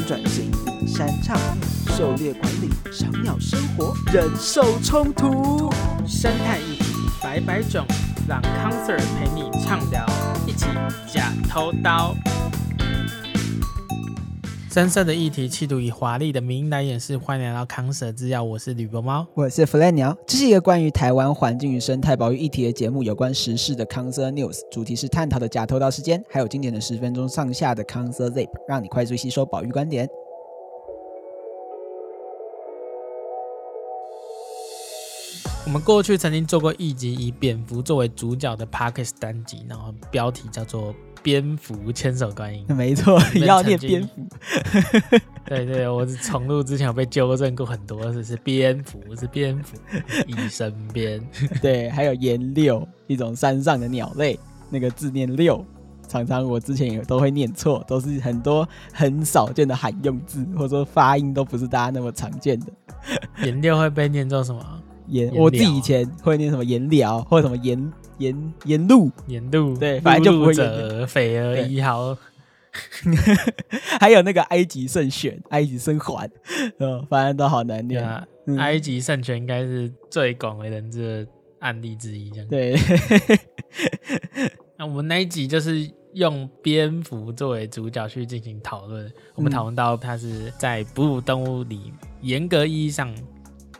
轉型，山唱，狩獵管理，小鳥生活，人獸衝突，生態一體，百百種，讓康 Sir 陪你暢聊，一起呷土豆。深色的議題，企圖以華麗的名義來掩飾。歡迎來到康 Sir 之鑰，我是呂伯貓，我是 f 弗萊鳥。這是一個關於台灣環境與生態保育議題的節目，有關時事的康 Sir News，主題是探討的假偷盜事件，還有經典的十分鐘上下的康 Sir zip，讓你快速吸收保育觀點。我們過去曾經做過一集以蝙蝠作為主角的 Podcast 單集，然後標題叫做。蝙蝠，千手觀音，沒錯，你 要念蝙蝠。 對對，我是重錄之前被糾正過很多次，是蝙蝠，是蝙蝠，一聲蝙。 對，還有岩鷚，一種山上的鳥類，那個字念六，常常我之前也都會念錯，都是很多很少見的罕用字，或者說發音都不是大家那麼常見的。 岩鷚會被念作什麼？言我自己以前會念什麼言聊，或者什麼言言言路，言路，言言鹿對，反正就不一號對 還有那個埃及聖選，埃及生還，反、哦、正都好難念。啊嗯、埃及聖泉應該是最廣為人知的案例之一，這樣。對。 那我們那一集就是用蝙蝠作為主角去進行討論，嗯、我們討論到它是在哺乳動物裡嚴格意義上，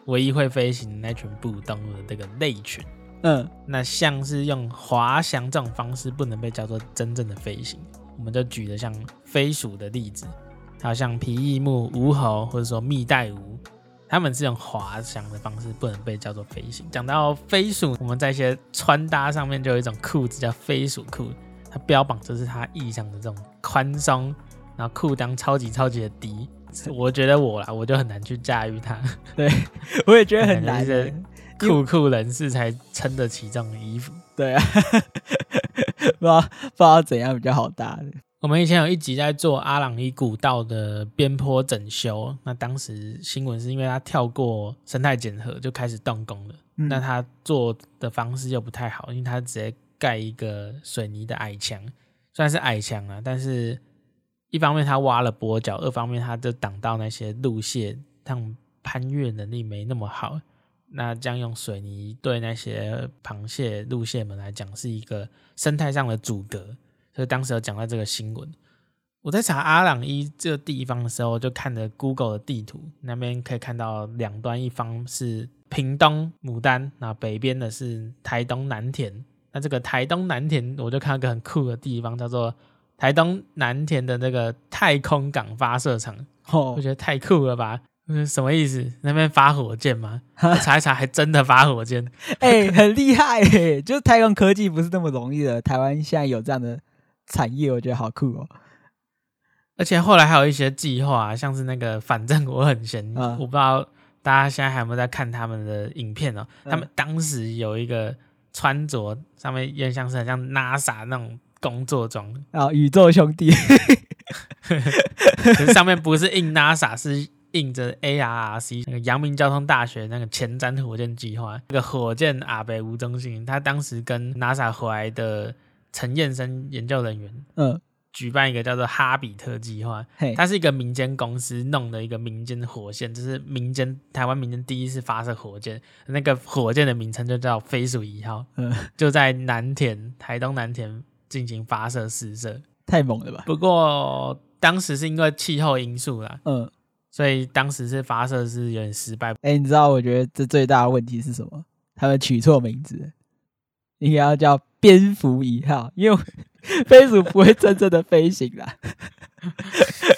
唯一會飛行的那群哺乳動物的那個類群，嗯，那像是用滑翔這種方式，不能被叫做真正的飛行。我們就舉了像飛鼠的例子，還有像皮翼目、鼯猴，或者說蜜袋鼯，他們是用滑翔的方式，不能被叫做飛行。講到飛鼠，我們在一些穿搭上面就有一種褲子叫飛鼠褲，它標榜就是它意象的這種寬鬆，然後褲襠超級超級的低。我覺得我啦，我就很難去駕馭它。對，我也覺得很難。酷酷人士才撐得起這種衣服。對啊， 不知道，不知道怎樣比較好搭。我們以前有一集在做阿朗壹古道的邊坡整修，那當時新聞是因為他跳過生態檢核就開始動工了。嗯、那他做的方式又不太好，因為他直接蓋一個水泥的矮牆，雖然是矮牆啊，但是。一方面他挖了坡腳，二方面他就擋到那些陸蟹，讓攀越能力沒那麼好。那這樣用水泥對那些螃蟹、陸蟹們來講是一個生態上的阻隔，所以當時有講到這個新聞。我在查阿朗壹這個地方的時候，我就看着 Google 的地圖，那邊可以看到兩端一方是屏東牡丹，那北邊的是台東南田。那這個台東南田，我就看到一個很酷的地方，叫做，台東南田的那個太空港發射場，oh. 我覺得太酷了吧？什麼意思？那邊發火箭嗎？ 查一查，還真的發火箭，哎、 欸，很厲害、欸！就是太空科技不是那麼容易的。台灣現在有這樣的產業，我覺得好酷哦、喔。而且後來還有一些計劃、啊，像是那個，反正我很閒，嗯、我不知道大家現在還有沒有在看他們的影片哦。他們當時有一個穿着上面有點像是很像 NASA 那種。工作中，啊，宇宙兄弟，嘿嘿，上面不是印 NASA，是印着 ARRC，那個陽明交通大學那個前瞻火箭計劃，那個火箭阿北吳宗信，他當時跟 NASA 回來的陳彥升研究人員，嗯，舉辦一個叫做哈比特計劃。嘿它是一個民間公司弄的一個民間火箭，就是民間，台灣民間第一次發射火箭，那個火箭的名稱就叫飛鼠一號，嗯，就在南田，台東南田。進行發射試射，太猛了吧？不過當時是因為氣候因素啦，嗯，所以當時是發射是，是有點失敗。哎、欸，你知道我覺得這最大的問題是什麼？他們取錯名字，應該要叫蝙蝠一號，因為飛鼠不會真正的飛行了。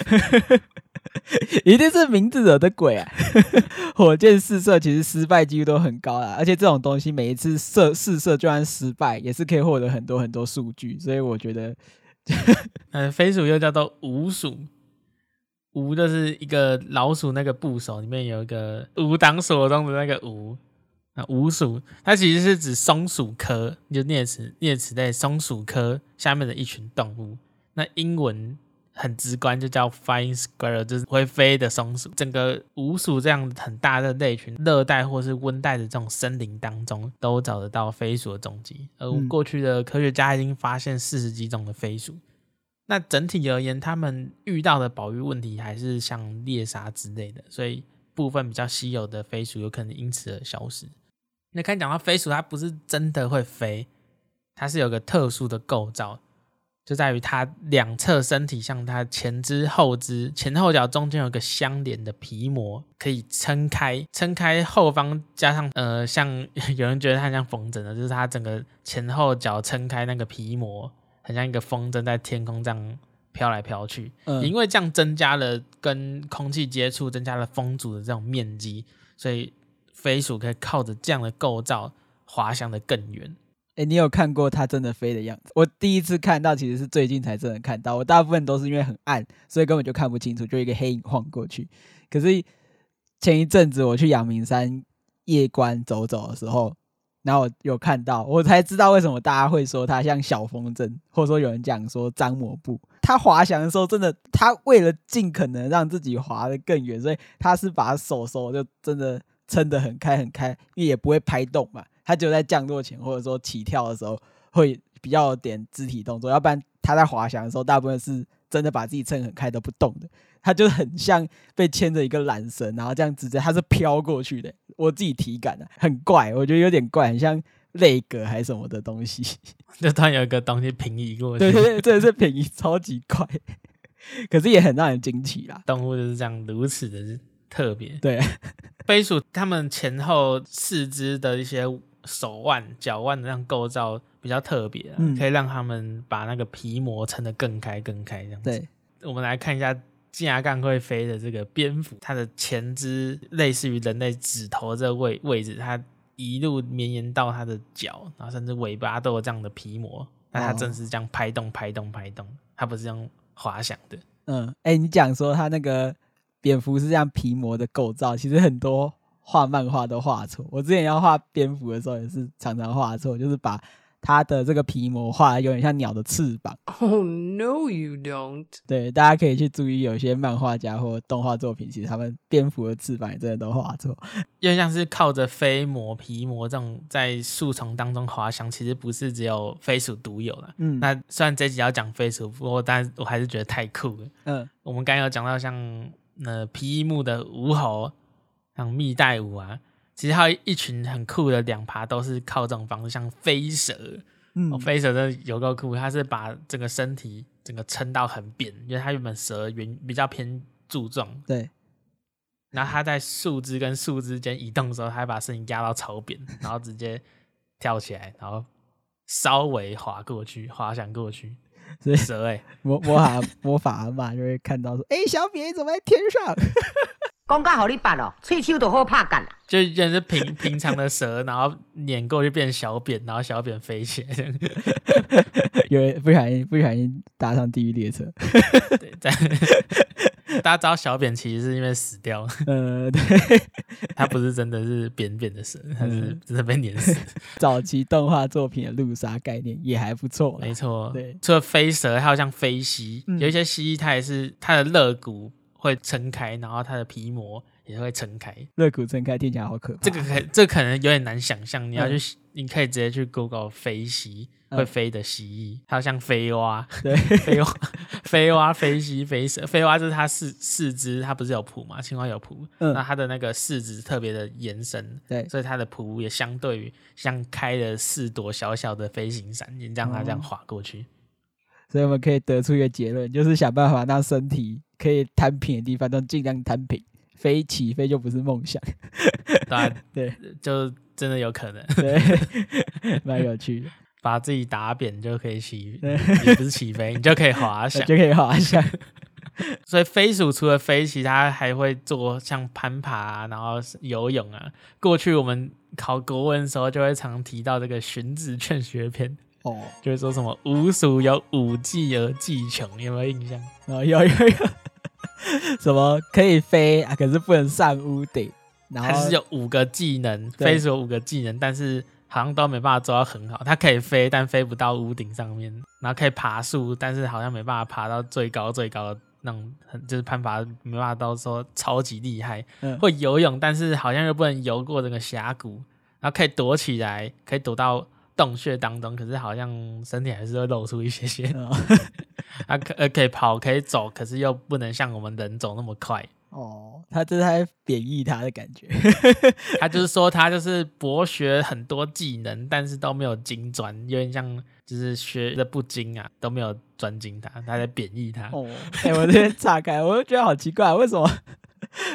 一定是名字惹的鬼！啊，火箭試射其實失敗幾率都很高啦、啊，而且這種東西每一次射試射就算失敗，也是可以獲得很多很多數據。所以我覺得，嗯、呃，飛鼠又叫做鼯鼠，鼯就是一個老鼠那個部首裡面有一個五黨所宗的那個吾啊，鼯鼠它其實是指松鼠科，就齧、是、齒齧齒類松鼠科下面的一群動物。那英文。很直觀，就叫 Flying Squirrel，就是會飛的松鼠。整個鼯鼠這樣很大的類群，熱帶或是溫帶的這種森林當中，都找得到飛鼠的蹤跡。而我過去的科學家已經發現四十幾種的飛鼠。嗯、那整體而言，他們遇到的保育問題還是像獵殺之類的，所以部分比較稀有的飛鼠有可能因此而消失。那看講到飛鼠，它不是真的會飛，它是有個特殊的構造。就在於它兩側身體，像它前肢後肢前後腳中間有一個相連的皮膜，可以撐開，撐開後方加上呃，像有人覺得它像風箏的，就是它整個前後腳撐開那個皮膜，很像一個風箏在天空這樣飄來飄去。嗯，因為這樣增加了跟空氣接觸，增加了風阻的這種面積，所以飛鼠可以靠着這樣的構造滑翔的更遠。誒，你有看過它真的飛的樣子？我第一次看到其實是最近才真的看到。我大部分都是因為很暗，所以根本就看不清楚，就一個黑影晃過去。可是前一陣子我去陽明山夜觀走走的時候，然後有看到，我才知道為什麼大家會說它像小風箏，或者說有人講說張抹布，它滑翔的時候真的，它為了盡可能讓自己滑得更遠，所以它是把他手手就真的撐得很開很開，因為也不會拍動嘛。他就在降落前或者說起跳的時候會比較有點肢體動作，要不然他在滑翔的時候大部分是真的把自己撐很開都不動的。他就很像被牽着一個纜繩，然後這樣子，他是飄過去的。我自己體感啊，很怪，我覺得有點怪，很像 lag 還是什麼的東西。就突然有一個東西平移過去，對對對，這是平移，超級怪，可是也很讓人驚奇啦。動物就是這樣如此的特別。對啊，飛鼠他們前後四肢的一些。手腕、腳腕的這樣構造比較特別、啊，嗯、可以讓他們把那個皮膜撐得更開、更開這樣子。對，我們來看一下，金牙干會飛的這個蝙蝠，它的前肢類似於人類指頭這個位位置，它一路綿延到它的腳，然後甚至尾巴都有這樣的皮膜。那、哦、它正是這樣拍動、拍動、拍動，它不是這樣滑翔的。嗯，哎、欸，你講說它那個蝙蝠是這樣皮膜的構造，其實很多。畫漫畫都畫錯。我之前要畫蝙蝠的時候，也是常常畫錯，就是把它的這個皮膜畫有點像鳥的翅膀。Oh no, you don't！對，大家可以去注意，有些漫畫家或動畫作品，其實他們蝙蝠的翅膀也真的都畫錯，有點像是靠着飛膜皮膜這種在樹叢當中滑翔。其實不是只有飛鼠獨有啦。嗯，那雖然這集要講飛鼠，不過但我還是覺得太酷了。嗯，我們剛剛有講到像呃皮翼目的鼯猴。像蜜袋鼯啊，其實還有一群很酷的兩爬，都是靠這種方式，像飛蛇。嗯、哦，飛蛇真的有夠酷，它是把整個身體整個撐到很扁，因為它原本蛇原比較偏柱狀。對。然後它在樹枝跟樹枝間移動的時候，它把身體壓到超扁，然後直接跳起來， 然後稍微滑過去，滑翔過去。所以蛇，哎、欸，魔魔法魔法嘛，就會看到說，哎、 欸，小扁怎麼在天上？ 講得好，你白哦、喔，脆手都好怕干、啊。就像是平平常的蛇，然後碾過就變成小扁，然後小扁飛起來這樣，哈哈哈哈哈。有人不小心，不小心搭上地獄列車，哈哈哈哈哈。大家知道小扁其實是因為死掉，呃、嗯，對，它不是真的是扁扁的蛇，它是真的被碾死。嗯、 早期動畫作品的路殺概念也還不錯，沒錯錯，對。除了飛蛇，還有像飛蜥，嗯、有一些蜥蜴，它也是它的肋骨。會撐開，然後它的皮膜也會撐開，肋骨撐開聽起來好可怕。這個可這個、可能有點難想象。你要去，嗯、你可以直接去 Google 飛蜥，會飛的蜥蜴，它、嗯、像飛蛙，對，飛蛙，飛蛙，飛蛙飛蜥飛蛇，飛蛙就是它四四肢，它不是有蹼嘛？青蛙有蹼，那、嗯、它的那個四肢特別的延伸，對，所以它的蹼也相對於像開了四朵小小的飛行傘，你、嗯、讓它這樣滑過去。所以我們可以得出一個結論，就是想辦法讓身體。可以攤平的地方都盡量攤平，飛起飛就不是夢想。當然對、啊、 對，就真的有可能，蠻 有趣，把自己打扁就可以起飛，對也不是起飛， 你就可以滑翔，就可以滑翔。 所以飛鼠除了飛，其他還會做像攀爬啊，然後游泳啊。過去我們考國文的時候，就會常提到這個《荀子·勸學篇》，哦，就會說什麼“五鼠有五技而技窮”，你有沒有印象？哦、有有有。 什麼可以飛啊？可是不能上屋頂。然後它是有五個技能，對飛是有五個技能，但是好像都沒辦法做到很好。它可以飛，但飛不到屋頂上面；然後可以爬樹，但是好像沒辦法爬到最高最高的那種，很就是攀爬沒辦法到說超級厲害。嗯、會游泳，但是好像又不能游過這個峽谷。然後可以躲起來，可以躲到洞穴當中，可是好像身體還是會露出一些些。嗯 他可呃，可以跑可以走，可是又不能像我們人走那麼快。哦，他這是在貶義他的感覺。 他就是說，他就是博學很多技能，但是都沒有精專，有點像就是學的不精啊，都沒有專精他。他在貶義他。哦、欸，我這邊岔開， 我就覺得好奇怪，為什麼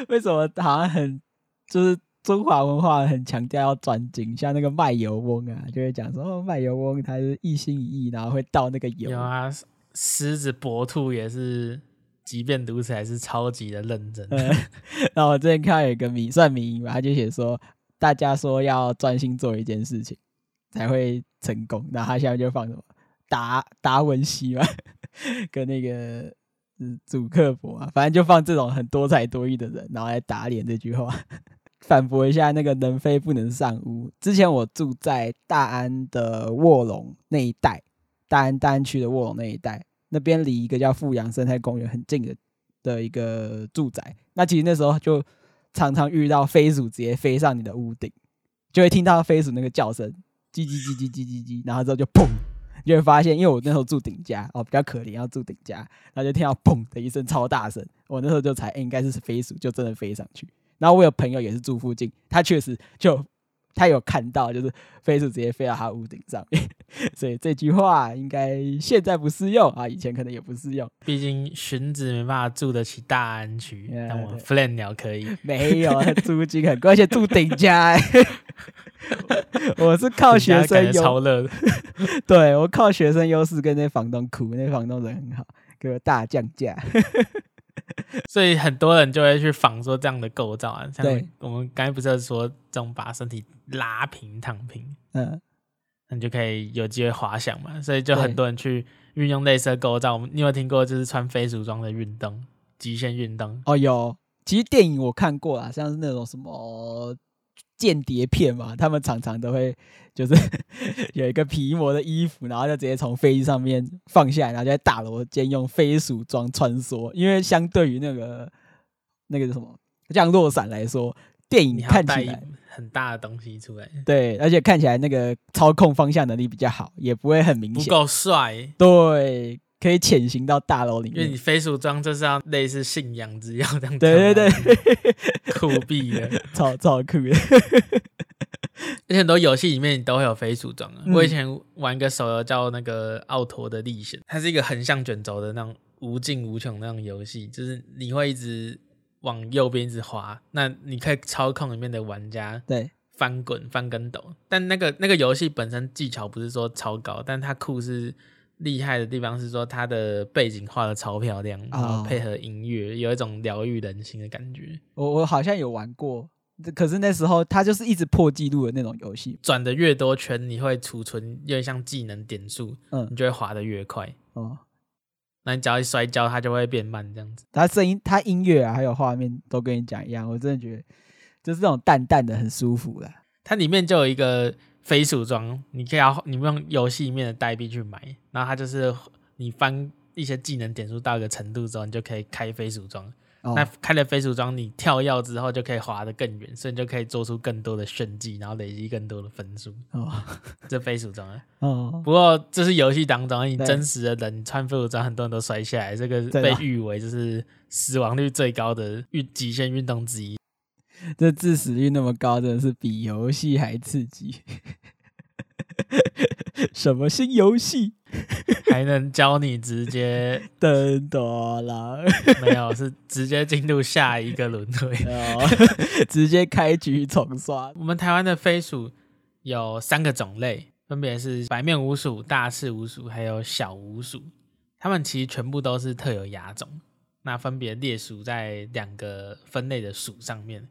為什麼好像很就是中華文化很強調要專精，像那個賣油翁啊，就會講說哦、賣油翁他是一心一意，然後會倒那個油啊。獅子搏兔，也是，即便如此還是超級的認真的、嗯。然後我之前看有一個謎，算迷因他就寫說，大家說要專心做一件事情才會成功。然後他下面就放什麼達達文西吧，跟那個嗯祖、呃、克伯啊，反正就放這種很多才多藝的人，然後來打臉這句話，反駁一下那個能飛不能上屋。之前我住在大安的臥龍那一帶。大安大安區的臥龍那一帶，那邊離一個叫富陽生態公園很近的的一個住宅。那其實那時候就常常遇到飛鼠，直接飛上你的屋頂，就會聽到飛鼠那個叫聲，嘰嘰嘰嘰嘰嘰嘰。然後之後就砰，你就會發現，因為我那時候住頂家哦，比較可憐，要住頂家，然後就聽到砰的一聲超大聲。我那時候就猜、欸，應該是飛鼠，就真的飛上去。然後我有朋友也是住附近，他確實就。他有看到，就是飛鼠直接飛到他屋頂上面， 所以這句話應該現在不適用啊，以前可能也不適用。畢竟荀子沒辦法住得起大安區，但我 Fly 鳥可以。嗯、沒有，他租金很貴， 而且住頂家、欸。 我是靠學生優超熱 對，我靠學生優勢跟那房東哭，那房東人很好，給我大降價。 所以很多人就會去仿作這樣的構造啊，像我們剛對才不是說，這種把身體拉平躺平，嗯，那你就可以有機會滑翔嘛。所以就很多人去運用類似的構造。對我們你有，有聽過就是穿飛鼠裝的運動極限運動？運動哦，有。其實電影我看過啦，像是那種什麼。間諜片嘛，他們常常都會就是 有一個皮膜的衣服，然後就直接從飛機上面放下來，然後就在大樓間用飛鼠裝穿梭。因為相對於那個那個叫什麼降落傘來說，電影看起來要帶很大的東西出來，對，而且看起來那個操控方向能力比較好，也不會很明顯，不夠帥，對。可以潛行到大樓裡面，因為你飛鼠裝就是要類似信仰之躍這樣。對對對， 酷斃了的，超超酷的！ 而且很多遊戲裡面你都會有飛鼠裝啊。嗯、我以前玩一個手遊叫那個《奧拓的歷險》，它是一個橫向捲軸的那種無盡無窮那種遊戲，就是你會一直往右邊一直滑，那你可以操控裡面的玩家對翻滾對翻跟斗。但那個那個遊戲本身技巧不是說超高，但它酷是。厲害的地方是說，它的背景畫的超漂亮，oh. 然後配合音樂，有一種療癒人心的感覺。我我好像有玩過，可是那時候它就是一直破紀錄的那種遊戲，轉的越多圈，你會儲存越像技能點數，嗯，你就會滑的越快。哦，那你只要一摔跤，它就會變慢，這樣子。它聲音、它音樂啊，還有畫面都跟你講一樣，我真的覺得就是那種淡淡的、很舒服啦。它裡面就有一個。飛鼠裝，你可以，要你們用遊戲裡面的代幣去買，然後它就是你翻一些技能點數到一個程度之後，你就可以開飛鼠裝。Oh. 那開了飛鼠裝，你跳躍之後就可以滑得更遠，所以你就可以做出更多的炫技，然後累積更多的分數。哦。這飛鼠裝，哦，不過這是遊戲當中，你真實的，人穿飛鼠裝，很多人都摔下來。這個被譽為就是死亡率最高的運極限運動之一。這致死率那麼高，真的是比遊戲還刺激。 什麼新遊戲？還能教你直接登多啦？ 沒有，是直接進入下一個輪迴、 哦，直接開局重刷。 我們台灣的飛鼠有三個種類，分別是白面鼯鼠、大赤鼯鼠，還有小鼯鼠。它們其實全部都是特有亞種，那分別列屬在兩個分類的屬上面。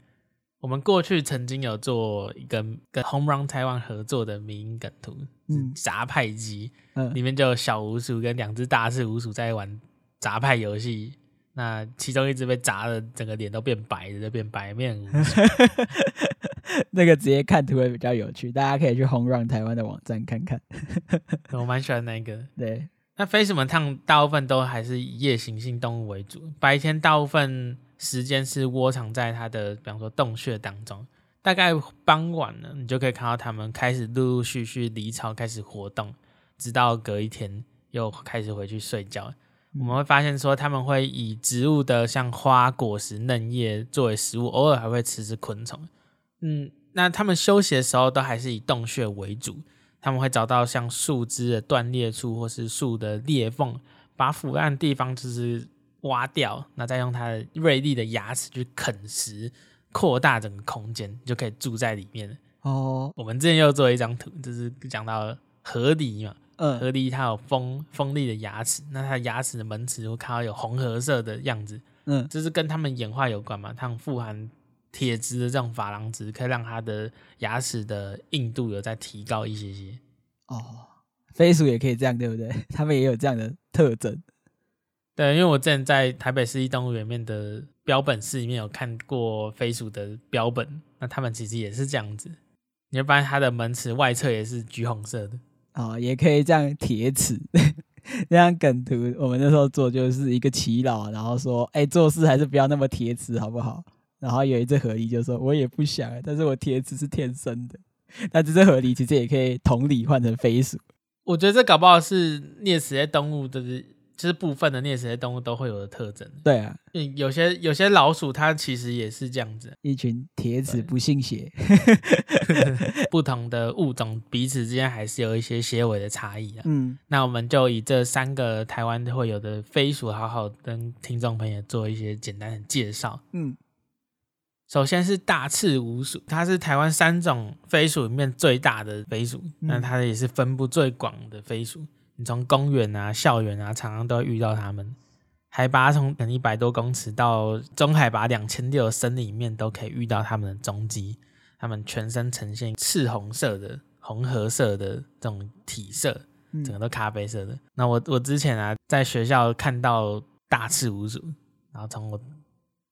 我們過去曾經有做一個跟 Home Run Taiwan 合作的迷因梗圖，嗯，砸派機，嗯，裡面就有小鼯鼠跟兩隻大赤鼯鼠在玩砸派遊戲，那其中一隻被砸的整個臉都變白的，都變白面鼯鼠 那個直接看圖會比較有趣，大家可以去 Home Run Taiwan 的網站看看。 嗯、我蠻喜歡那個，對，那飛什麼燙，大部分都還是以夜行性動物為主，白天大部分。時間是窩藏在它的，比方說洞穴當中。大概傍晚了，你就可以看到它們開始陸陸續續離巢，開始活動，直到隔一天又開始回去睡覺。嗯，我們會發現說，他們會以植物的像花、果實、嫩葉作為食物，偶爾還會吃吃昆蟲。嗯，那他們休息的時候都還是以洞穴為主，他們會找到像樹枝的斷裂處或是樹的裂縫，把腐爛的地方就是。挖掉，那再用它的銳利的牙齒去啃食，擴大整個空間，就可以住在裡面了。哦，oh. 我們之前又做了一張圖，就是講到了河狸嘛，嗯，河狸它有鋒鋒利的牙齒，那它牙齒的門齒我看到有紅褐色的樣子，嗯，這是跟它們演化有關嘛？它富含鐵質的這種珐琅質，可以讓它的牙齒的硬度有再提高一些些。哦，oh. 飛鼠也可以這樣，對不對？它們也有這樣的特徵。對，因為我之前在台北市立動物園面的標本室裡面有看過飛鼠的標本，那它們其實也是這樣子。你會發現它的門齒外側也是橘紅色的好、哦，也可以這樣鐵齒。那張梗圖我們那時候做就是一個祈禱，然後說：“哎，做事還是不要那麼鐵齒，好不好？”然後有一隻河狸就說，我也不想，但是我鐵齒是天生的。那這隻河狸其實也可以同理換成飛鼠。我覺得這搞不好是齧齒類動物的。就是就是部分的齧齒類動物都會有的特徵。對啊，有些有些老鼠它其實也是這樣子，一群鐵子不信邪。對 不同的物種彼此之間還是有一些些微的差異、啊、嗯，那我們就以這三個台灣會有的飛鼠，好好跟聽眾朋友做一些簡單的介紹。嗯，首先是大赤鼯鼠，它是台灣三種飛鼠裡面最大的飛鼠，那、嗯、它也是分布最廣的飛鼠。你從公園啊、校園啊，常常都會遇到它們。海拔從可能一百多公尺到中海拔兩千六的森林裡面，都可以遇到它們的蹤跡。它們全身呈現赤紅色的、紅褐色的這種體色，嗯、整個都咖啡色的。那我我之前啊，在學校看到大赤鼯鼠，然後從我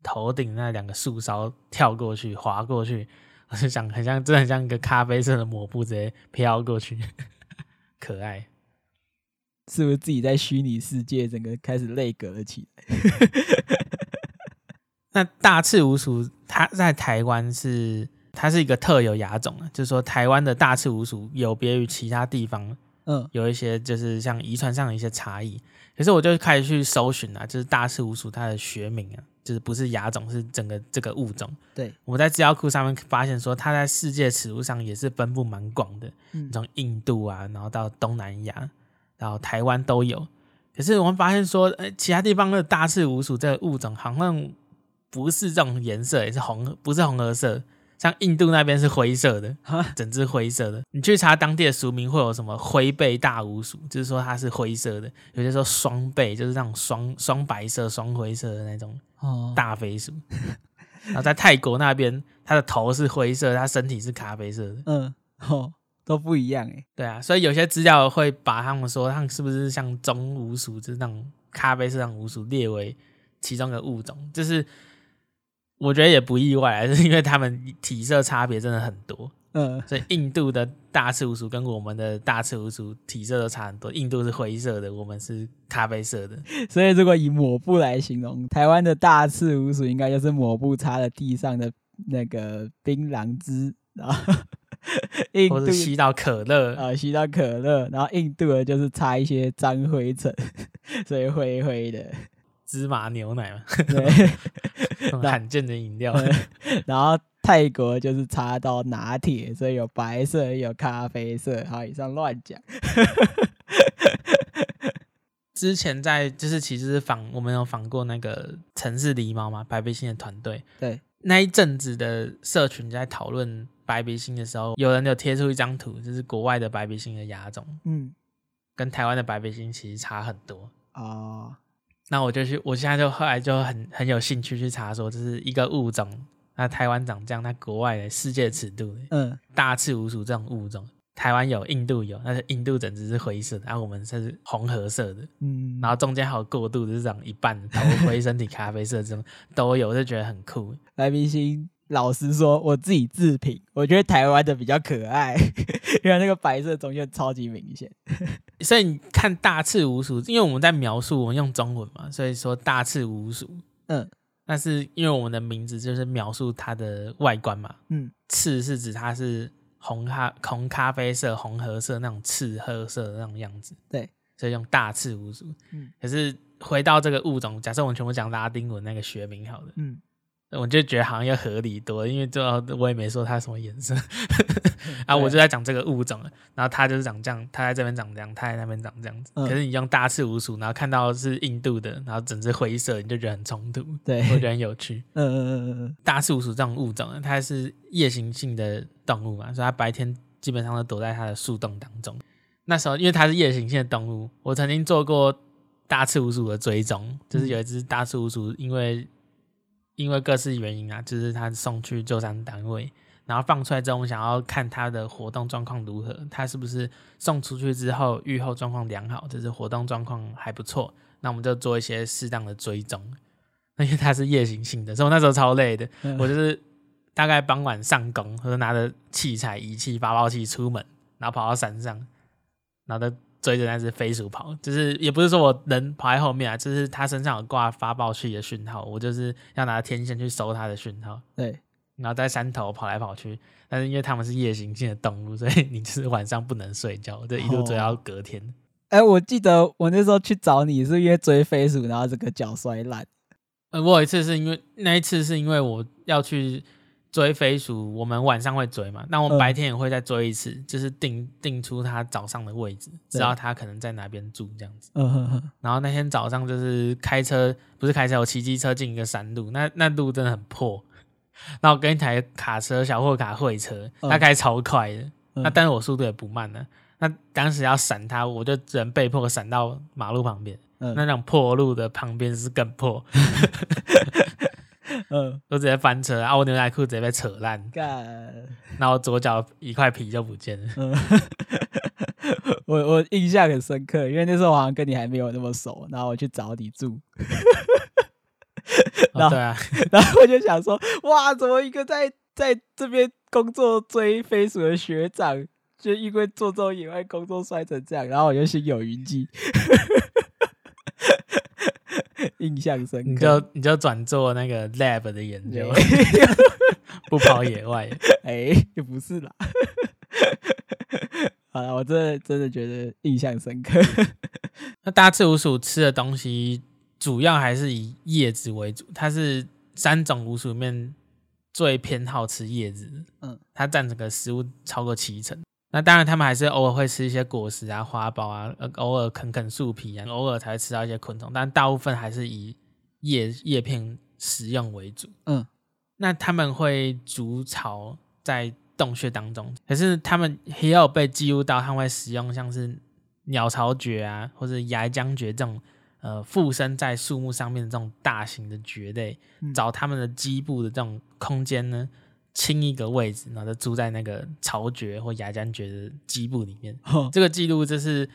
頭頂那兩個樹梢跳過去、滑過去，我就想，很像，真的很像一個咖啡色的抹布直接飄過去， 可愛。是不是自己在虛擬世界整個開始累格了起來？ 那大赤鼯鼠，它在台灣是它是一個特有亞種啊，就是說台灣的大赤鼯鼠有別於其他地方，嗯，有一些就是像遺傳上的一些差異。可是我就開始去搜尋啊，就是大赤鼯鼠它的學名啊，就是不是亞種，是整個這個物種。對，我在資料庫上面發現說，它在世界尺度上也是分布蠻廣的，從、嗯、印度啊，然後到東南亞。然後台灣都有，可是我們發現說，誒，其他地方的大赤鼯鼠這個物種好像不是這種顏色，也是紅，不是紅褐色。像印度那邊是灰色的，哈，整隻灰色的。你去查當地的俗名會有什麼？灰背大鼯鼠，就是說它是灰色的。有些說雙背，就是那種雙雙白色、雙灰色的那種大飛鼠。哦、然後在泰國那邊，它的頭是灰色，它身體是咖啡色的。嗯，哦。都不一樣哎、欸，對啊，所以有些資料會把他們說，看是不是像棕鼯鼠，就是那種咖啡色的鼯鼠列為其中的物種，就是我覺得也不意外，就是因為他們體色差別真的很多。嗯，所以印度的大赤鼯鼠跟我們的大赤鼯鼠體色都差很多，印度是灰色的，我們是咖啡色的。嗯、所以如果以抹布來形容，台灣的大赤鼯鼠應該就是抹布擦了地上的那個檳榔汁啊。 印度是吸到可樂啊、哦，吸到可樂，然後印度的就是擦一些髒灰塵，所以灰灰的芝麻牛奶嘛，罕對 見的飲料然。然後泰國就是擦到拿鐵，所以有白色有咖啡色。好，以上亂講。之前在就是其實是訪，我們有訪過那個城市狸貓嘛，白鼻心的團隊對。那一陣子的社群在討論白鼻心的時候，有人有貼出一張圖，就是國外的白鼻心的亞種，嗯，跟台灣的白鼻心其實差很多啊。哦、那我就去，我現在就後來就很很有興趣去查說，說這是一個物種，那台灣長這樣，那國外的世界尺度，嗯，大赤鼯鼠這種物種。台灣有，印度有，但是印度整隻是灰色，然、啊、後我們是紅褐色的，嗯，然後中間還有過渡，的這種一半頭灰、 身體咖啡色這種都有，我就覺得很酷。來明星，老實說，我自己自評，我覺得台灣的比較可愛，因 為那個白色中間超級明顯。 所以你看大赤鼯鼠，因為我們在描述，我們用中文嘛，所以說大赤鼯鼠，嗯，但是因為我們的名字就是描述它的外觀嘛，嗯，赤是指它是。紅咖、紅咖啡色、紅褐色那種赤褐色的那種樣子，對，所以用大赤鼯鼠。嗯，可是回到這個物種，假設我們全部講拉丁文那個學名好了，好的，嗯。我就覺得好像要合理多，因為最我也沒說它什麼顏色然後、 啊啊、我就在講這個物種，然後它就是長這樣，它在這邊長這樣，它在那邊長這樣子。嗯、可是你用大赤鼯鼠，然後看到是印度的，然後整隻灰色，你就覺得很衝突。對，我覺得很有趣。嗯嗯嗯嗯嗯，大鼯鼠這種物種，它是夜行性的動物嘛，所以它白天基本上都躲在它的樹洞當中。那時候因為它是夜行性的動物，我曾經做過大赤鼯鼠的追蹤，就是有一隻大赤鼯鼠，因為因為各式原因啊，就是他送去救傷單位，然後放出來之後，我想要看他的活動狀況如何，他是不是送出去之後預後狀況良好，就是活動狀況還不錯，那我們就做一些適當的追蹤。因為他是夜行性的，所以我那時候超累的，嗯、我就是大概傍晚上工，我就拿着器材、儀器、發報器出門，然後跑到山上，拿着追着那只飛鼠跑，就是也不是說我能跑在後面啊，就是它身上有掛發報器的訊號，我就是要拿天線去搜它的訊號。對，然後在山頭跑來跑去，但是因為它們是夜行性的動物，所以你就是晚上不能睡覺，就一路追到隔天。哎、哦欸，我記得我那時候去找你是因為追飛鼠，然後這個腳摔爛。呃，我有一次是因為那一次是因為我要去。追飛鼠，我們晚上會追嘛，那我們白天也會再追一次，嗯、就是定定出他早上的位置，知道他可能在哪邊住這樣子。嗯嗯嗯嗯、然後那天早上就是開車，不是開車，我騎機車進一個山路，那那路真的很破。然後我跟一台卡車小貨卡會車，他開超快的，嗯嗯、那但是我速度也不慢呢、啊。那當時要閃他，我就只能被迫閃到馬路旁邊。嗯、那種破路的旁邊是更破。嗯 嗯，都直接翻車啊！我牛仔褲直接被扯爛，幹，然後左腳一塊皮就不見了。嗯、 我我印象很深刻，因為那時候我好像跟你還沒有那麼熟，然後我去找你住。 然後，哦對啊、然後我就想說，哇，怎麼一個在在這邊工作追飛鼠的學長，就因為做這種野外工作摔成這樣？然後我就心有餘悸。 印象深刻，你就你就轉做那個 lab 的研究，欸、 不跑野外。哎、欸，就不是啦。 好了，我真的真的覺得印象深刻。 那大赤鼯鼠吃的東西主要還是以葉子為主，它是三種鼯鼠裡面最偏好吃葉子。嗯，它占整個食物超過七成。那當然，他們還是偶爾會吃一些果實啊、花苞啊，呃、偶爾啃啃樹皮啊，偶爾才會吃到一些昆蟲，但大部分還是以葉葉片食用為主。嗯，那他們會築巢在洞穴當中，可是他們也有被記錄到，他們會使用像是鳥巢蕨啊，或者崖薑蕨這種呃附生在樹木上面的這種大型的蕨類，嗯、找他們的基部的這種空間呢。清一個位置，然後就住在那個巢穴或崖薑蕨的基部裡面。哦、這個記錄就是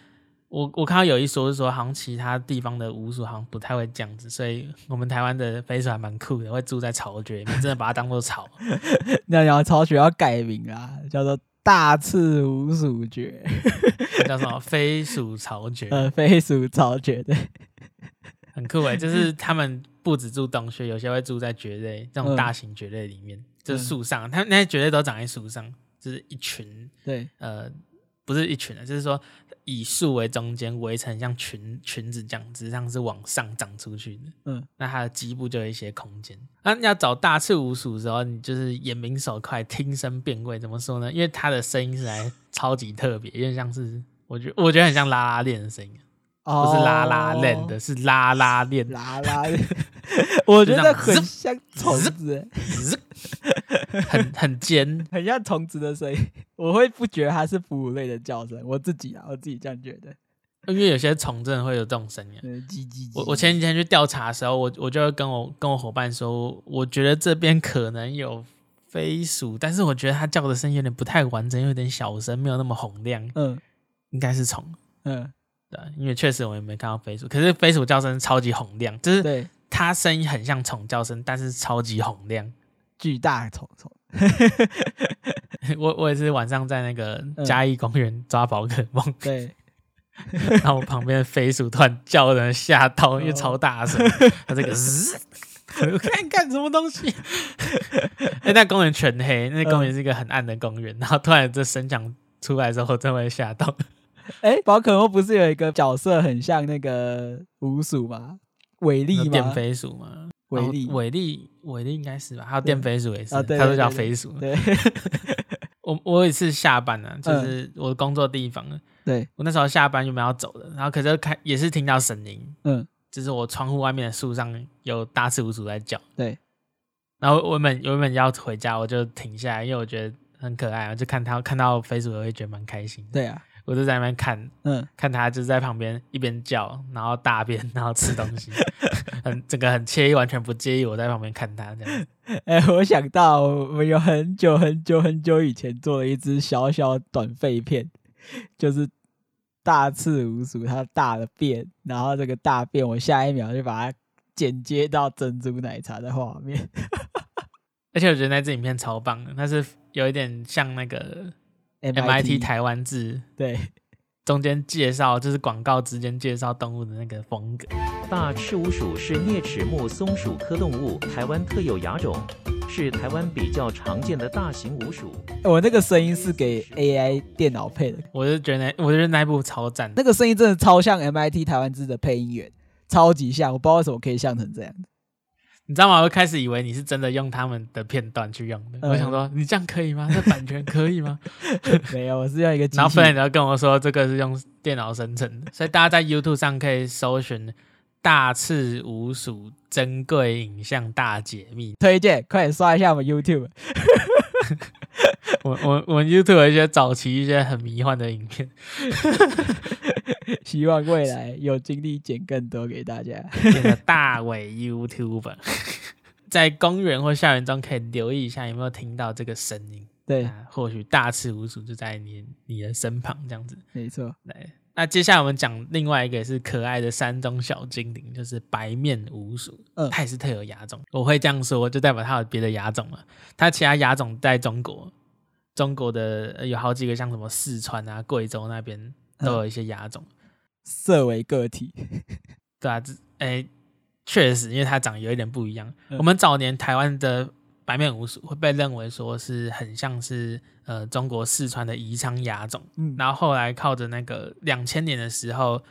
我我看到有一說，是說好像其他地方的鼯鼠好像不太會這樣子，所以我們台灣的飛鼠還蠻酷的，會住在巢穴裡面，真的把它當做巢。那鳥 巢蕨要改名啊，叫做大赤鼯鼠蕨， 叫做什麼飛鼠巢蕨？呃，飛鼠巢蕨，嗯、對，很酷哎，欸，就是他們不止住洞穴，有些會住在蕨類這種大型蕨類裡面。嗯就是樹上，它那些絕對都長在樹上，就是一群，對，呃，不是一群的，就是說以樹為中間圍成像裙裙子，這樣子，是像是往上長出去的，嗯，那它的基部就有一些空間。那、啊、要找大赤鼯鼠的時候，你就是眼明手快，聽聲辨位，怎麼說呢？因為它的聲音是來超級特別， 有點像是，我覺得我覺得很像拉拉鏈的聲音。不是拉拉鏈的，是拉拉鏈。拉拉鏈，我覺得很像蟲子， 很很尖，很像蟲子的聲音。我會不覺得它是哺乳類的叫聲，我自己啊，我自己這樣覺得。因為有些蟲真的會有這種聲音，雞雞雞。我我前幾天去調查的時候，我我就跟我跟我伙伴說，我覺得這邊可能有飛鼠，但是我覺得它叫的聲音有點不太完整，有點小聲，沒有那麼洪亮。嗯，應該是蟲。嗯。因為確實我也沒看到飛鼠，可是飛鼠叫聲超級洪亮，就是它聲音很像蟲叫聲，但是超級洪亮，巨大蟲蟲。我我也是晚上在那個嘉義公園抓寶可夢、嗯，對，然後我旁邊的飛鼠突然叫人嚇到，因為超大聲，它、哦、這個，我看看什麼東西， 欸、那公園全黑，那個、公園是一個很暗的公園，嗯、然後突然這聲響出來之後，真會嚇到。哎，寶、欸、可夢不是有一個角色很像那個鼯鼠嗎？偉力嗎？電飛鼠嗎？偉力莉，偉力，偉力應該是吧？還有電飛鼠也是，對它都叫飛鼠。啊、對,對,對,對，對 我我有一次下班呢，就是我的工作的地方對、嗯、我那時候下班原本要走的，然後可是開也是聽到聲音，嗯，就是我窗戶外面的樹上有大赤鼯鼠在叫，對，然後我原本我本要回家，我就停下來，因為我覺得很可愛、啊，我就看它看到飛鼠也會覺得蠻開心，對啊。我就在那邊看，嗯，看他就是在旁邊一邊叫，然後大便，然後吃東西， 很這個很愜意，完全不介意我在旁邊看他。這樣，哎、欸，我想到我有很久很久很久以前做了一只小小短廢片，就是大赤鼯鼠它大了便，然後這個大便我下一秒就把它剪接到珍珠奶茶的畫面， 而且我覺得那支影片超棒的，它是有一點像那個。M I T 台灣誌，對，中間介紹就是廣告之間介紹動物的那個風格。大赤鼯鼠是齧齒目松鼠科動物，台灣特有亞種，是台灣比較常見的大型鼯鼠。欸。我那個聲音是給 AI 電腦配的。我就覺得那我覺得那一部超讚，那個聲音真的超像 M I T 台灣誌的配音員，超級像。我不知道為什麼可以像成這樣你知道嗎？我開始以為你是真的用他們的片段去用的，嗯、我想說你這樣可以嗎？這 版權可以嗎？ 沒有，我是要一個機器。然後後來你要跟我說這個是用電腦生成的，所以大家在 YouTube 上可以搜尋大赤鼯鼠珍貴影像大解密，推薦快點刷一下我們 YouTube。 我我我 YouTube 就推一些早期一些很迷幻的影片， 希望未來有精力剪更多給大家。 大偉 YouTube 在公園或校園中可以留意一下，有沒有聽到這個聲音？對，啊、或許大赤鼯鼠就在你你的身旁，這樣子沒錯錯。來。那接下來我們講另外一個也是可愛的山中小精靈，就是白面鼯鼠。嗯、它也是特有亞種。我會這樣說，就代表它有別的亞種了。它其他亞種在中國，中國的有好幾個，像什麼四川啊、貴州那邊都有一些亞種。嗯、色違個體， 對啊，這、欸、哎，確實，因為它長得有一點不一樣。嗯、我們早年台灣的。白面鼯鼠，會被認為說是很像是呃中國四川的宜昌亞種，嗯、然後後來靠着那個兩千年的時候，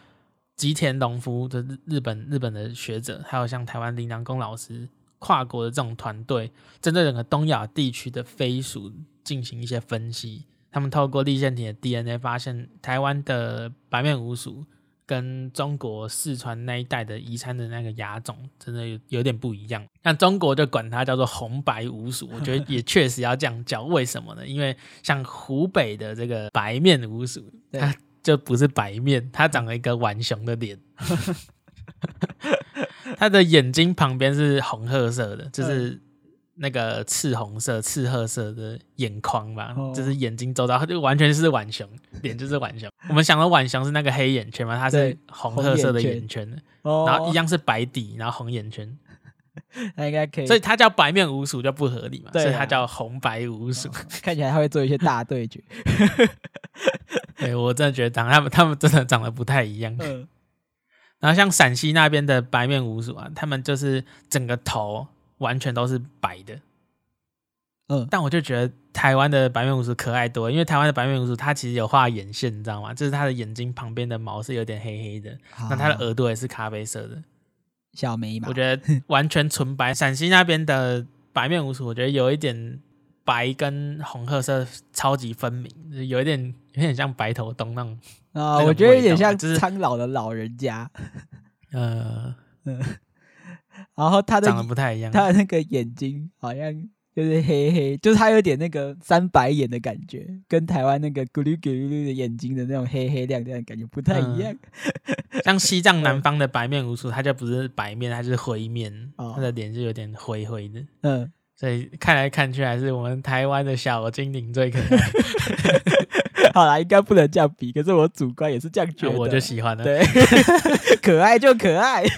吉田隆夫的、就是、日本日本的學者，還有像台灣林良恭老師，跨國的這種團隊，針對整個東亞地區的飛鼠進行一些分析，他們透過粒線體 DNA 發現台灣的白面鼯鼠。跟中國四川那一帶的遺產的那個亞種，真的有有點不一樣。像中國就管它叫做紅白鼯鼠，我覺得也確實要這樣叫。為什麼呢？因為像湖北的這個白面鼯鼠，它就不是白面，它長了一個浣熊的臉，對它的眼睛旁邊是紅褐色的，就是。那個赤紅色、赤褐色的眼眶吧，哦、就是眼睛周遭，它就完全是浣熊臉，就是浣熊。就是浣熊 我們想到浣熊是那個黑眼圈嘛，它是紅褐色的眼圈，眼圈然後一樣是白底，哦、然後紅眼圈， 應該可以。所以它叫白面鼯鼠就不合理嘛， 他以所以它叫紅白鼯鼠、 哦。看起來它會做一些大對決。 對，我真的覺得長他們他們真的長得不太一樣。呃、然後像陝西那邊的白面鼯鼠啊，他們就是整個頭。完全都是白的，嗯，但我就覺得台灣的白面鼯鼠可愛多了，因為台灣的白面鼯鼠它其實有畫眼線，你知道嗎？就是它的眼睛旁邊的毛是有點黑黑的，那好它的耳朵也是咖啡色的，小眉毛。我覺得完全純白。陝 西那邊的白面鼯鼠，我覺得有一點白跟紅褐色超級分明，有一點有點像白頭翁那種啊，呃、種，我覺得有點像蒼老的老人家，呃 然後他的長得不太一樣，他的那個眼睛好像就是黑黑，嗯、就是他有點那個三白眼的感覺，跟台灣那個咕嚕咕嚕的眼睛的那種黑黑亮亮的感覺不太一樣。嗯、 像西藏南方的白面鼯鼠，嗯、他就不是白面，他是灰面，嗯、他的臉就有點灰灰的。嗯，所以看來看去還是我們台灣的小精靈最可愛。 好了，應該不能這樣比，可是我主觀也是這樣覺得。我就喜歡了，對， 可愛就可愛。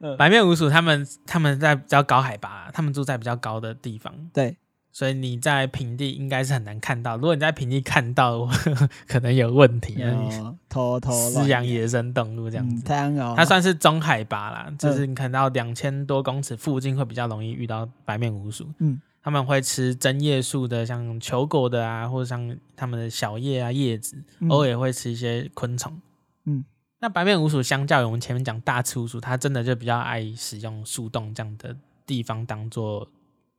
呃、白面鼯鼠，他們他們在比較高海拔，啊，他們住在比較高的地方，對，所以你在平地應該是很難看到。如果你在平地看到，呵呵，可能有問題啊。偷偷飼養野生動物這樣子。它，嗯、算是中海拔啦。就是你看到兩千多公尺附近會比較容易遇到白面鼯鼠。嗯，他們會吃針葉樹的，像球果的啊，或者像它們的小葉啊葉子，嗯、偶爾也會吃一些昆蟲。嗯。嗯那白面鼯鼠，相較於我們前面講大赤鼯鼠，它真的就比較愛使用樹洞這樣的地方當做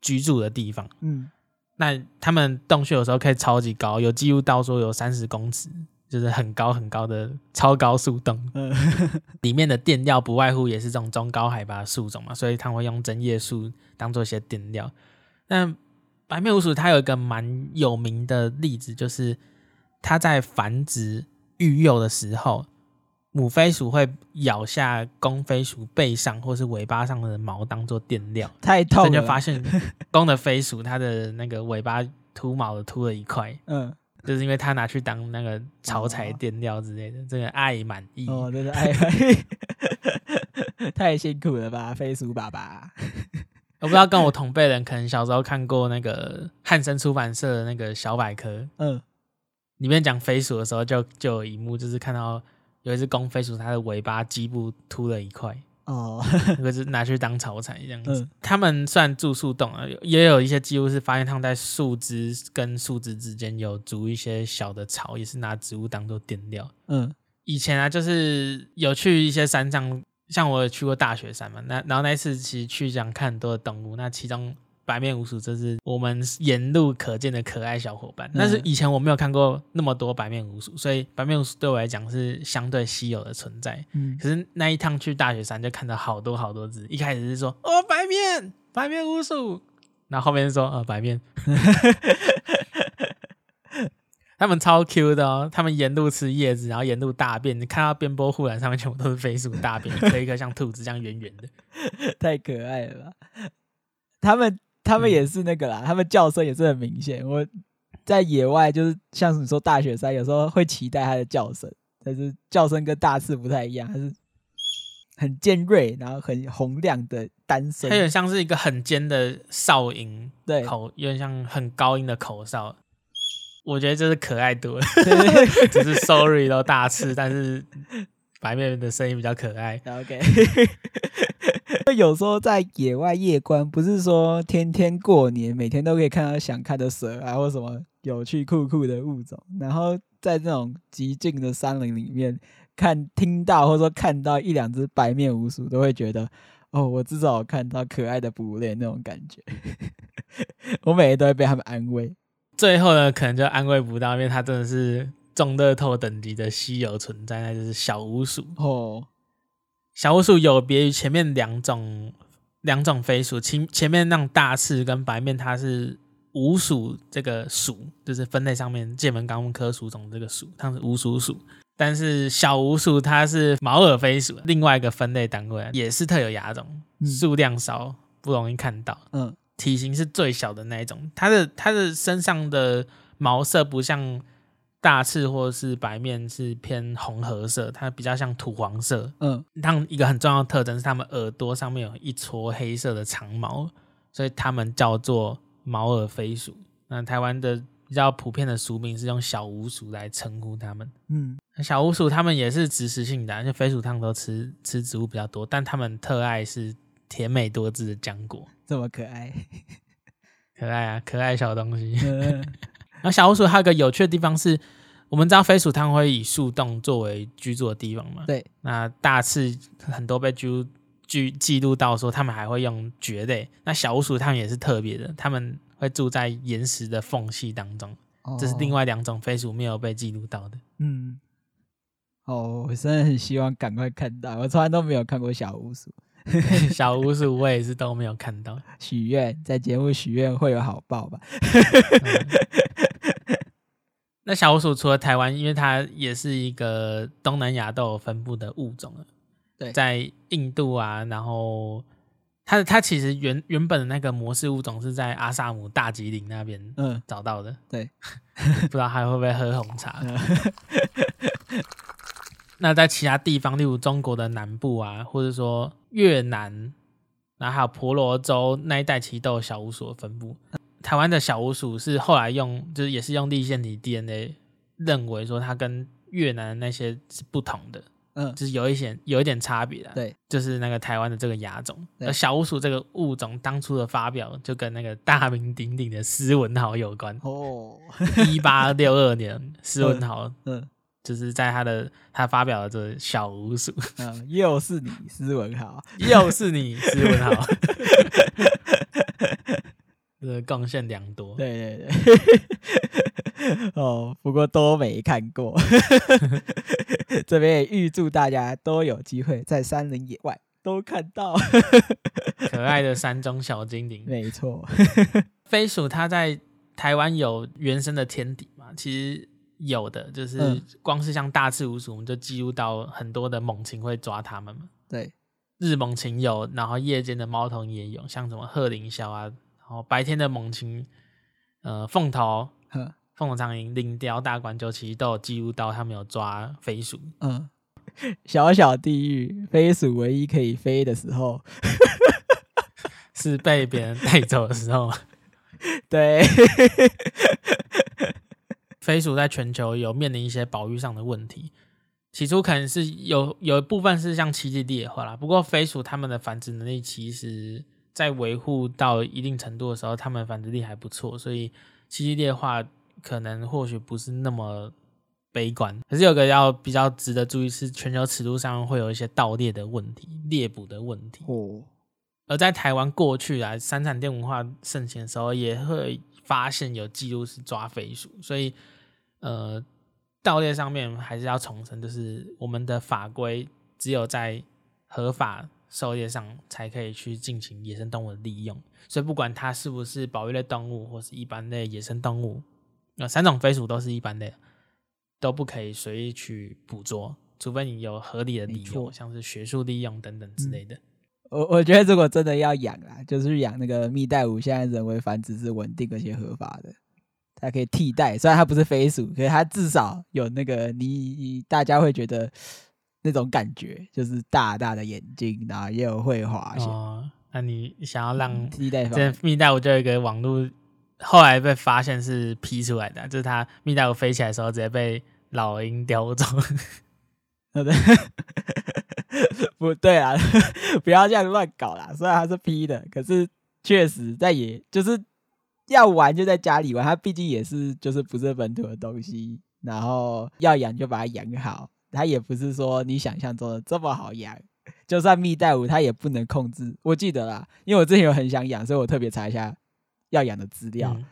居住的地方。嗯，那它們洞穴有時候可以超級高，有紀錄到說有三十公尺，就是很高很高的超高樹洞。嗯、 裡面的墊料不外乎也是這種中高海拔樹種嘛，所以它會用針葉樹當做一些墊料。那白面鼯鼠它有一個蠻有名的例子，就是它在繁殖育幼的時候。母飛鼠會咬下公飛鼠背上或是尾巴上的毛，當做墊料。太痛了，就發現公的飛鼠它的那個尾巴禿毛的禿了一塊。嗯，就是因為它拿去當那個巢材墊料之類的。哦、這個愛滿意哦，這個愛滿意， 太辛苦了吧，飛鼠爸爸。 我不知道跟我同輩人可能小時候看過那個漢聲出版社的那個小百科。嗯，裡面講飛鼠的時候就，就就有一幕，就是看到。有一隻公飛鼠，它的尾巴基部禿了一塊哦，一、oh. 是拿去當巢材這樣子。嗯、他們算住樹洞啊，也有一些幾乎是發現他們在樹枝跟樹枝之間有築一些小的巢，也是拿植物當做墊料。嗯，以前啊，就是有去一些山上，像我也去過大雪山嘛，那然後那次其實去想看很多的動物，那其中。白面鼯鼠，這是我們沿路可見的可愛小夥伴。嗯、但是以前我沒有看過那麼多白面鼯鼠，所以白面鼯鼠對我來講是相對稀有的存在。嗯，可是那一趟去大雪山就看到好多好多隻。一開始是說哦，白面白面鼯鼠，然後後面說哦，白面，他們超 Q 的哦。他們沿路吃葉子，然後沿路大便，你看到邊坡護欄上面全部都是飛鼠大便，飛一 個像兔子這樣圓圓的，太可愛了吧。他們。他們也是那個啦，他們叫聲也是很明顯。我在野外就是像你說大雪山，有時候會期待他的叫聲，但是叫聲跟大赤不太一樣，它是很尖銳，然後很洪亮的單聲，它有點像是一個很尖的哨音，對，口有點像很高音的口哨。我覺得這是可愛多了， 只是 sorry 都大赤，但是白面的聲音比較可愛。OK。有時候在野外夜觀，不是說天天過年，每天都可以看到想看的蛇啊，或什麼有趣酷酷的物種。然後在這種寂靜的山林裡面，看聽到或者說看到一兩隻白面鼯鼠，都會覺得哦，我至少看到可愛的捕獵那種感覺。 我每天都會被他們安慰，最後呢，可能就安慰不到，因為它真的是中樂透等級的稀有存在，那就是小鼯鼠小鼯鼠有別於前面兩種兩種飛鼠，前前面那種大赤跟白面，它是鼯鼠這個屬，就是分類上面界門綱目科屬種這個屬，它是鼯鼠屬。但是小鼯鼠它是毛耳飛鼠，另外一個分類單位，也是特有亞種，數量少，不容易看到。嗯，體型是最小的那一種，它的它的身上的毛色不像。大赤或是白面是偏紅褐色，它比較像土黃色。嗯，另一個很重要的特徵是它們耳朵上面有一撮黑色的長毛，所以它們叫做毛耳飛鼠。那台灣的比較普遍的俗名是用小鼯鼠來稱呼它們。嗯，小鼯鼠它們也是植食性的，就飛鼠它們都吃吃植物比較多，但它們特愛是甜美多汁的漿果。這麼可愛， 可愛啊，可愛小東西。嗯那小鼯鼠還有一個有趣的地方是，我們知道飛鼠它們會以樹洞作為居住的地方嘛？對。那大赤很多被記錄記記錄到說他們還會用蕨類。那小鼯鼠它們也是特別的，他們會住在岩石的縫隙當中。哦、這是另外兩種飛鼠沒有被記錄到的。嗯。哦，我真的很希望趕快看到，我從來都沒有看過小鼯鼠。小鼯鼠我也是都沒有看到。許願 在節目許願會有好報吧。 嗯那小鼯鼠除了台灣，因為它也是一個東南亞都有分布的物種，對，在印度啊，然後它它其實原原本的那個模式物種是在阿薩姆大吉嶺，那邊找到的。嗯、對，不知道還會不會喝紅茶？嗯、 那在其他地方，例如中國的南部啊，或者說越南，然後還有婆羅洲那一帶，其實都有小鼯鼠分布。台灣的小鼯鼠是後來用，就是也是用粒線體 DNA 認為說它跟越南那些是不同的，嗯，就是有一些有一點差別了、啊。對，就是那個台灣的這個亞種，對小鼯鼠這個物種當初的發表就跟那個大名鼎鼎的斯文豪有關。哦，一八六二年，斯文豪， 嗯，嗯就是在他的他發表了這小鼯鼠、嗯。又是你，斯文豪， 又是你，斯文豪。 貢獻良多，對對對， 哦，不過都沒看過， 這邊也預祝大家都有機會在山林野外都看到 可愛的山中小精靈。沒錯， 飛鼠它在台灣有原生的天敵嘛？其實有的，就是光是像大赤鼯鼠，嗯、我們就記錄到很多的猛禽會抓它們嘛。對，日猛禽有，然後夜間的貓頭鷹也有，像什麼褐林鴞啊。哦，白天的猛禽，呃，鳳頭，鳳頭蒼鷹、林雕、大冠鷲其實都有記錄到他們有抓飛鼠。嗯，小小地獄，飛鼠唯一可以飛的時候， 是被別人帶走的時候。 對， 飛鼠在全球有面臨一些保育上的問題。起初可能是有有一部分是像棲息地破壞，不過飛鼠他們的繁殖能力其實。在維護到一定程度的時候，他們繁殖力還不錯，所以棲息劣化可能或許不是那麼悲觀。可是有個要比較值得注意是，全球尺度上會有一些盜獵的問題、獵捕的問題。嗯、而在台灣過去啊，山產店文化盛行的時候，也會發現有記錄是抓飛鼠，所以呃，盜獵上面還是要重申，就是我們的法規只有在合法狩獵上才可以去進行野生動物的利用，所以不管它是不是保育類動物或是一般的野生動物，那三種飛鼠都是一般的，都不可以隨意去捕捉，除非你有合理的理由，沒錯。像是學術利用等等之類的。嗯、我我覺得，如果真的要養啊，就是養那個蜜袋鼯，現在人為繁殖是穩定而且合法的，它可以替代，雖然它不是飛鼠，可是它至少有那個你大家會覺得。那種感覺就是大大的眼睛，然後也有會滑行。哦，那你想要讓替、嗯、代？這蜜袋鼯這個網絡後來被發現是 P 出來的，就是它蜜袋鼯飛起來的時候直接被老鷹叼走。 不對，不對啊！不要這樣亂搞啦！雖然它是 P 的，可是確實，但也就是要玩就在家裡玩，它畢竟也是就是不是本土的東西，然後要養就把它養好。它也不是說你想象中的這麼好養，就算蜜袋鼯，它也不能控制。我記得啦，因為我之前有很想養，所以我特別查一下要養的資料。嗯、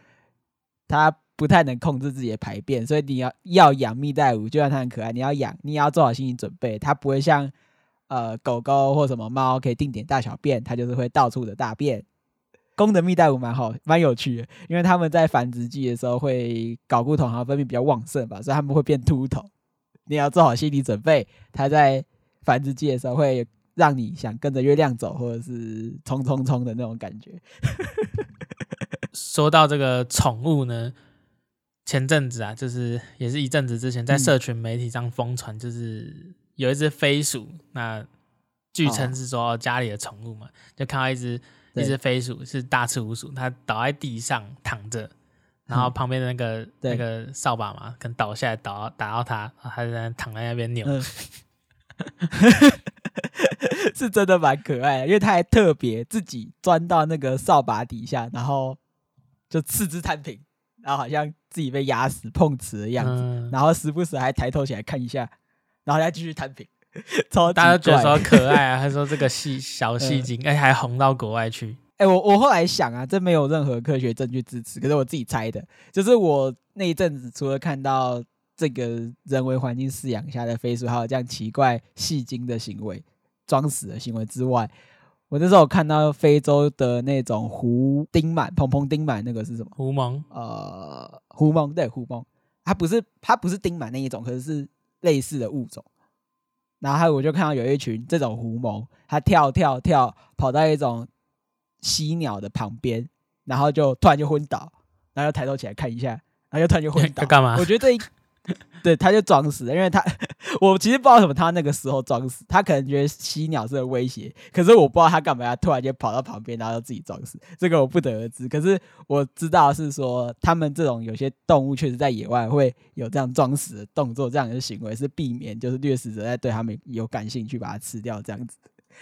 它不太能控制自己的排便，所以你要要養蜜袋鼯，就算它很可愛，你要養，你也要做好心理準備。它不會像呃狗狗或什麼貓可以定點大小便，它就是會到處的大便。公的蜜袋鼯蠻好，蠻有趣的，因為他們在繁殖季的時候會睪固酮好像分泌比較旺盛吧，所以他們會變禿頭。你要做好心理準備，它在繁殖季的時候會讓你想跟着月亮走，或者是衝冲冲的那種感覺。 說到這個寵物呢，前陣子啊，就是也是一陣子之前，在社群媒體上瘋傳，就是有一隻飛鼠，嗯、那據稱是說家裡的寵物嘛，哦、就看到一只對一隻飛鼠是大赤鼯鼠，它倒在地上躺着。然後旁邊的那個、嗯、那個掃把嘛，跟倒下來倒打到他，然後他就在躺在那邊扭，嗯， 是真的蠻可愛的，因為他還特別自己鑽到那個掃把底下，然後就四肢攤平，然後好像自己被壓死碰瓷的樣子，嗯、然後時不時還抬頭起來看一下，然後再繼續攤平，他大家都覺得可愛啊，他 說這個戲小戲精，哎、嗯，而且還紅到國外去。哎，我我後來想啊，這沒有任何科學證據支持，可是我自己猜的，就是我那一陣子除了看到這個人為環境飼養下的飛鼠，還有這樣奇怪戲精的行為、裝死的行為之外，我那時候看到非洲的那種狐丁滿、彭彭丁滿，那個是什麼？狐獴？呃，狐獴，對，狐獴，它不是它不是丁滿那一種，可是是類似的物種。然後我就看到有一群這種狐獴，它跳跳跳跑到一種。犀鳥的旁邊，然後就突然就昏倒，然後又抬頭起來看一下，然後又突然就昏倒。 幹嘛？我覺得對，對他就裝死，因為他我其實不知道什麼他那個時候裝死，他可能覺得犀鳥是威脅，可是我不知道他幹嘛，他突然間跑到旁邊，然後就自己裝死，這個我不得而知。可是我知道是說，他們這種有些動物確實在野外會有這樣裝死的動作，這樣的行為是避免就是掠食者在對他們有感興趣，把它吃掉這樣子。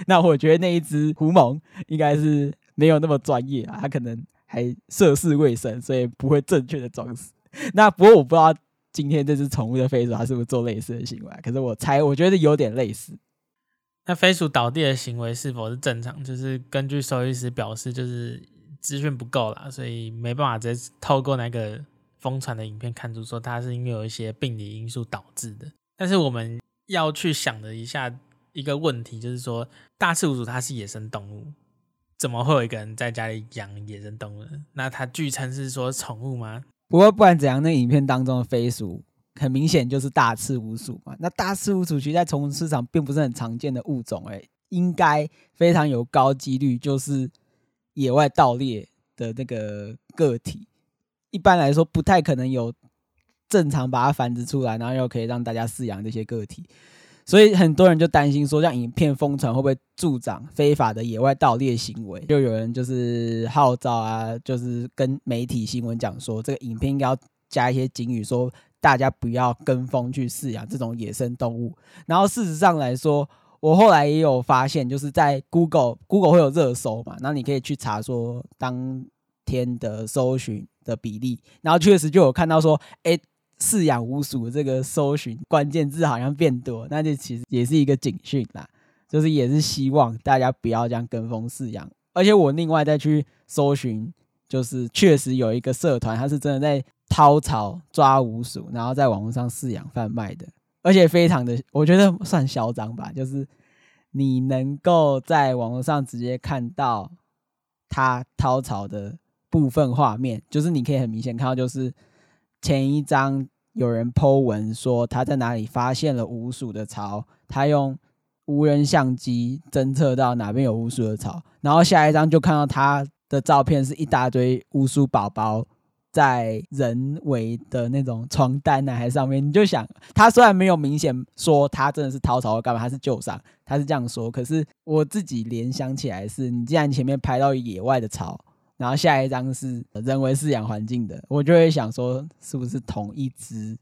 那我覺得那一隻狐獴應該是。沒有那麼專業啊，他可能還涉世未深，所以不會正確的裝死。 那不過我不知道今天這隻寵物的飛鼠它是不是做類似的行為，可是我猜我覺得有點類似。那飛鼠倒地的行為是否是正常？就是根據獸醫師表示，就是資訊不夠啦，所以沒辦法再透過那個瘋傳的影片看出說它是因為有一些病理因素導致的。但是我們要去想的一下一個問題就是說，大赤鼯鼠它是野生動物。怎麼會有一個人在家裡養野生動物？那他據稱是說寵物嗎？不過不管怎樣，那影片當中的飛鼠很明顯就是大赤鼯鼠嘛。那大赤鼯鼠其實在寵物市場並不是很常見的物種，欸，哎，應該非常有高幾率就是野外盜獵的那個個體。一般來說不太可能有正常把它繁殖出來，然後又可以讓大家飼養這些個體。所以很多人就擔心說，像影片瘋傳會不會助長非法的野外盜獵行為？就有人就是號召啊，就是跟媒體新聞講說，這個影片應該要加一些警語，說大家不要跟風去飼養這種野生動物。然後事實上來說，我後來也有發現，就是在 Google Google 會有熱搜嘛，然後你可以去查說當天的搜尋的比例，然後確實就有看到說、欸，飼養鼯鼠，這個搜尋關鍵字好像變多，那就其實也是一個警訊啦，就是也是希望大家不要這樣跟風飼養。而且我另外再去搜尋，就是確實有一個社團，他是真的在掏巢抓鼯鼠，然後在網絡上飼養販賣的，而且非常的，我覺得算囂張吧，就是你能夠在網絡上直接看到他掏巢的部分畫面，就是你可以很明顯看到，就是。前一張有人 po 文說他在哪裡發現了鼯鼠的巢，他用無人相機偵測到哪邊有鼯鼠的巢，然後下一張就看到他的照片是一大堆鼯鼠寶寶在人為的那種床單、男孩上面。你就想，他雖然沒有明顯說他真的是掏巢幹嘛，他是救傷，他是這樣說，可是我自己聯想起來是，你既然前面拍到野外的巢。然後下一張是人為飼養環境的，我就會想說，是不是同一隻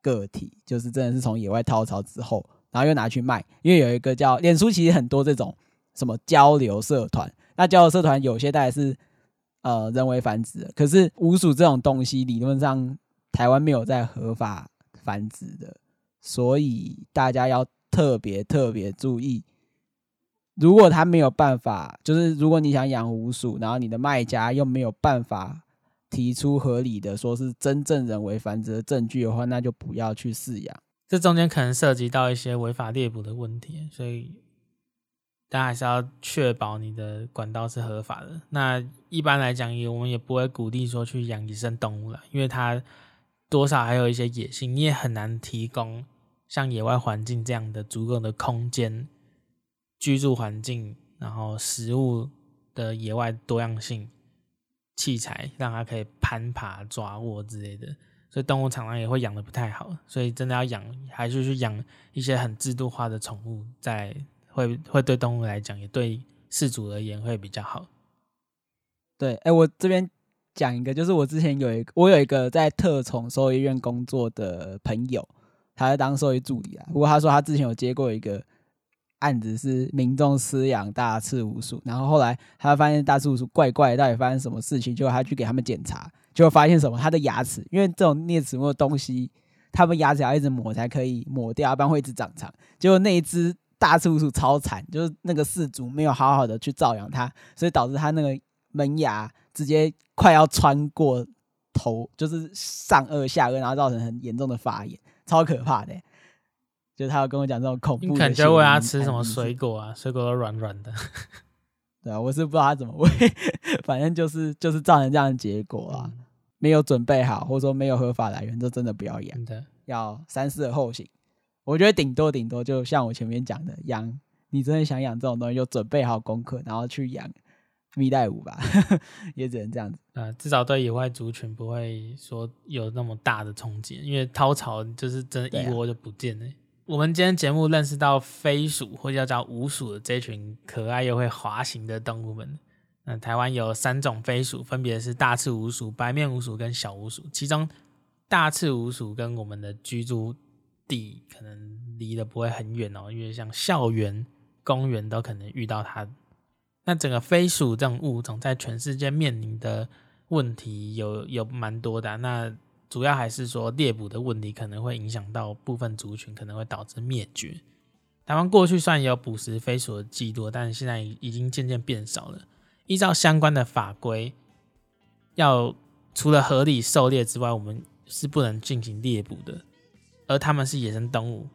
個體，就是真的是從野外掏巢之後，然後又拿去賣？因為有一個叫臉書，其實很多這種什麼交流社團，那交流社團有些大概是呃人為繁殖的，可是鼯鼠這種東西理論上台灣沒有在合法繁殖的，所以大家要特別特別注意。如果他沒有辦法，就是如果你想養鼯鼠，然後你的賣家又沒有辦法提出合理的，說是真正人為繁殖的證據的話，那就不要去飼養。這中間可能涉及到一些違法獵捕的問題，所以大家還是要確保你的管道是合法的。那一般來講也，也我們也不會鼓勵說去養野生動物了，因為它多少還有一些野性，你也很難提供像野外環境這樣的足夠的空間。居住環境，然後食物的野外多樣性，器材讓它可以攀爬、抓握之類的，所以動物常常也會養得不太好，所以真的要養，還是去養一些很制度化的寵物，在會會對動物來講，也對飼主而言會比較好。對，哎，我這邊講一個，就是我之前有一個，我有一個在特寵獸醫院工作的朋友，他在當獸醫助理啊，不過他說他之前有接過一個。案子是民眾飼養大赤鼯鼠，然後後來他發現大赤鼯鼠怪怪的，到底發生什麼事情？結果他去給他們檢查，就發現什麼？他的牙齒，因為這種齧齒目的東西，他們牙齒要一直磨才可以磨掉，不然會一直長長。結果那一隻大赤鼯鼠超慘，就是那個飼主沒有好好的去照養它，所以導致他那個門牙直接快要穿過頭，就是上顎、下顎，然後造成很嚴重的發炎，超可怕的、欸。就他要跟我講這種恐怖彈彈，你肯覺餵他吃什麼水果啊？水果都軟軟的， 對啊，我是不知道他怎麼餵，嗯、反正就是就是造成這樣的結果啊。沒有準備好，或者說沒有合法來源，就真的不要養，嗯、的要三思而後行。我覺得頂多頂多就像我前面講的，養，你真的想養這種東西，就準備好功課，然後去養蜜袋鼯吧， 也只能這樣子、啊。至少對野外族群不會說有那麼大的衝擊，因為掏巢就是真的一窩就不見了、欸。我們今天節目認識到飛鼠，或者叫叫鼯鼠的這群可愛又會滑行的動物們。那台灣有三種飛鼠，分別是大赤鼯鼠、白面鼯鼠跟小鼯鼠。其中大赤鼯鼠跟我們的居住地可能離得不會很遠哦，因為像校園、公園都可能遇到它。那整個飛鼠這種物種在全世界面臨的問題有有蠻多的啊。那主要還是說獵捕的問題，可能會影響到部分族群，可能會導致滅絕。台灣過去雖然有捕食飛鼠的記錄，但是現在已經漸漸變少了。依照相關的法規，要除了合理狩獵之外，我們是不能進行獵捕的。而他們是野生動物，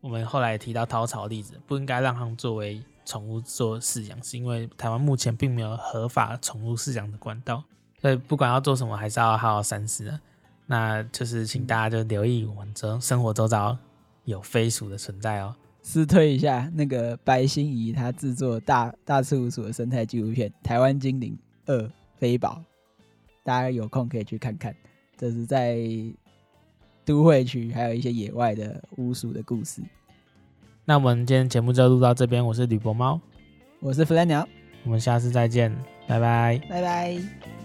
我們後來也提到掏巢的例子，不應該讓它們作為寵物做飼養，是因為台灣目前並沒有合法寵物飼養的管道。所以不管要做什麼，還是要好好三思啊。那就是請大家就留意我們周生活周遭有飛鼠的存在哦。私推一下那個白心怡她製作大大赤鼯鼠的生態紀錄片《台灣精靈二飛寶》，大家有空可以去看看。這是在都會區還有一些野外的鼯鼠的故事。那我們今天節目就要錄到這邊，我是呂博貓，我是 Fly 鳥，我們下次再見，拜拜，拜拜。